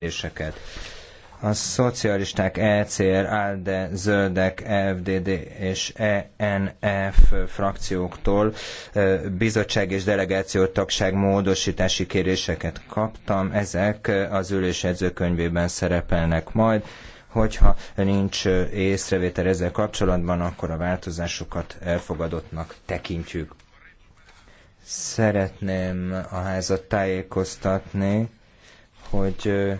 kérdéseket. A szocialisták, ECR, ALDE, Zöldek, FDD és ENF frakcióktól bizottság és delegáció tagság módosítási kéréseket kaptam. Ezek az ülés edzőkönyvében szerepelnek majd. Hogyha nincs észrevétel ezzel kapcsolatban, akkor a változásokat elfogadottnak tekintjük. Szeretném a házat tájékoztatni, hogy